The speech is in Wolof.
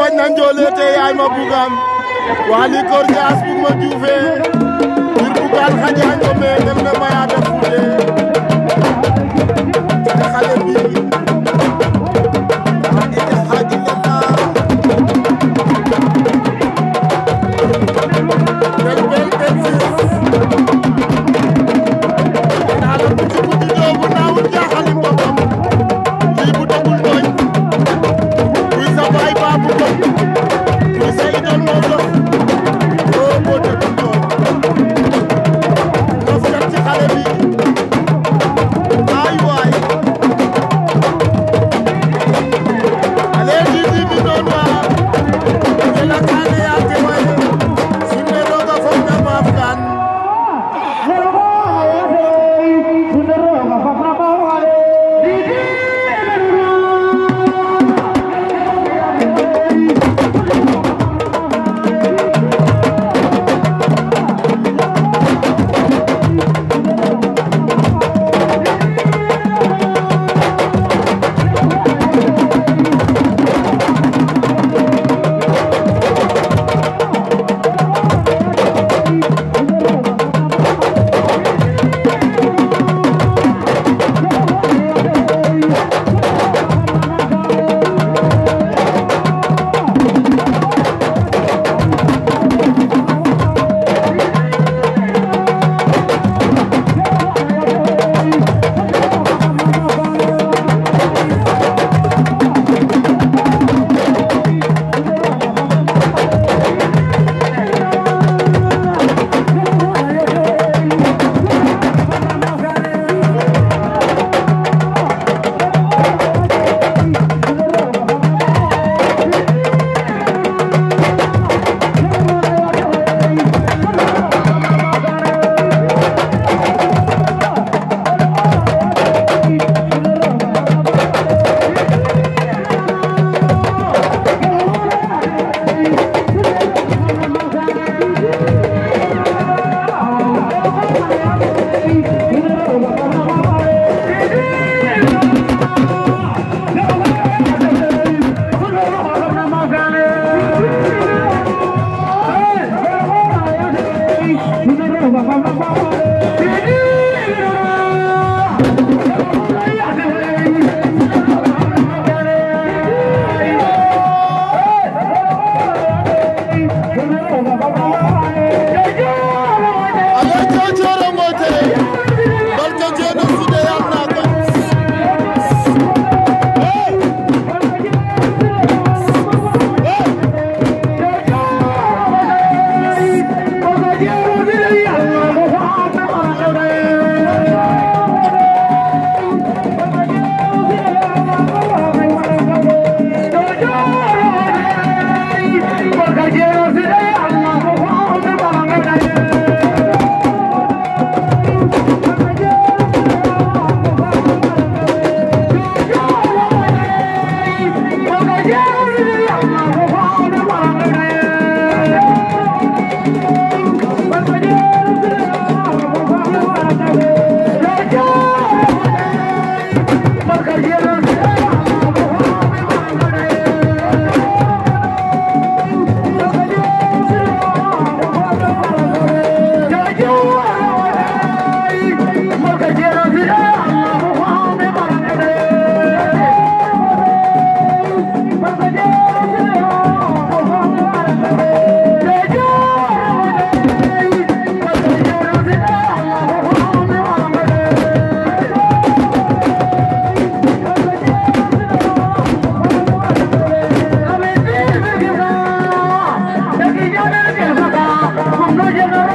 fañ na njoolee te yaay ma bugaam waali koor jaas bu ma juufee ngir bugaan xajaañ ko mee na mayaa def te xale bi Thank you. Não, não, não.